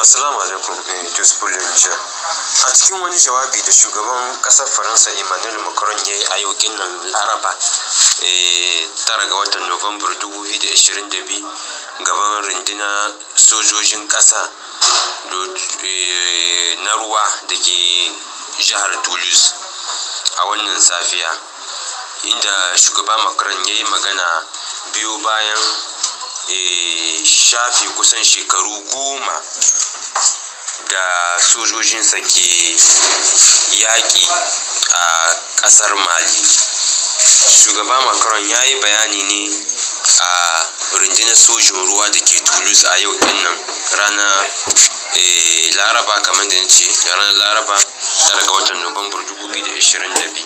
assalamu alaikum eh, jusbul niger a cikin wani jawabi da shugaban kasar faransa emmanuel macron ya yi a yau nan laraba eh, tara ga watan nuwambar 2022 gaban rundunar sojojin kasa eh, na ruwa da ke jihar toulouse a wannan safiya inda shugaba macron ya yi magana biyu bayan E, shafi kusan shekaru goma da sojojinsa ke yaƙi a ƙasar mali shugaba macron ya yi bayani ne a rundunar sojin ruwa da ke toulouse a yau din nan ranar eh, laraba kamar da nace ranar laraba tare ga watan nuwambar 2022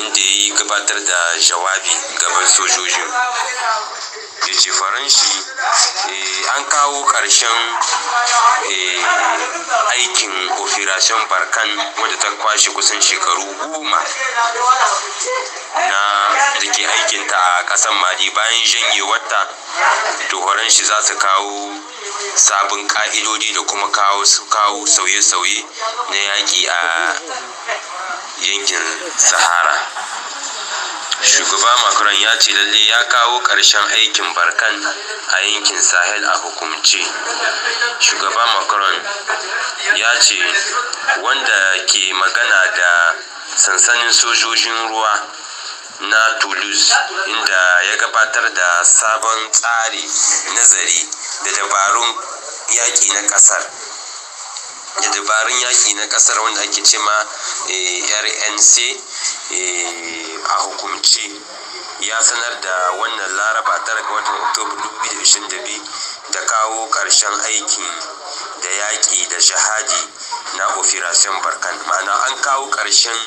inda ya yi gabatar da jawabi gaban sojojin ya ce faranshi eh, an kawo ƙarshen eh, aikin operation barkan wadda ta kwashe kusan shekaru goma na da ke aikinta a ƙasar mali bayan janyewarta tuhoron shi za su kawo sabon ka'idodi da kuma kawo sauye-sauye na yaƙi a yankin sahara shugaba macron ya ce lalle ya kawo ƙarshen aikin barkan a yankin sahel a hukumce shugaba macron ya ce wanda ke magana da sansanin sojojin ruwa na toulouse inda ya gabatar da sabon tsari nazari da dabarun yaƙi na ƙasar da dabarun yaƙi na ƙasar wanda ake ce ma eh, rnc eh, a hukumce ya sanar da wannan laraba tara ga watan oktoba 2022 da kawo ƙarshen aikin da yaƙi da jihadi na operation barkan ma'ana an kawo ƙarshen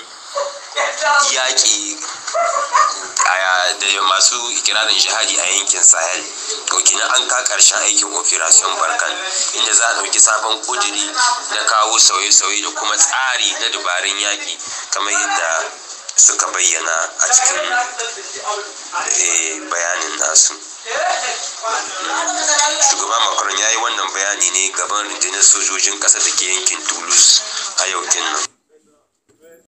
yaƙi da masu ikirarin jihadi a yankin sahel to na an kawo ƙarshen aikin operation barkan inda za a ɗauki sabon ƙudiri na kawo sauye-sauye da kuma tsari na dabarun yaƙi kamar yadda suka bayyana a cikin eh, bayanin nasu hmm. shugaba macron ya yi wannan bayani ne gaban rundunar sojojin ƙasa da ke yankin toulouse a yau nan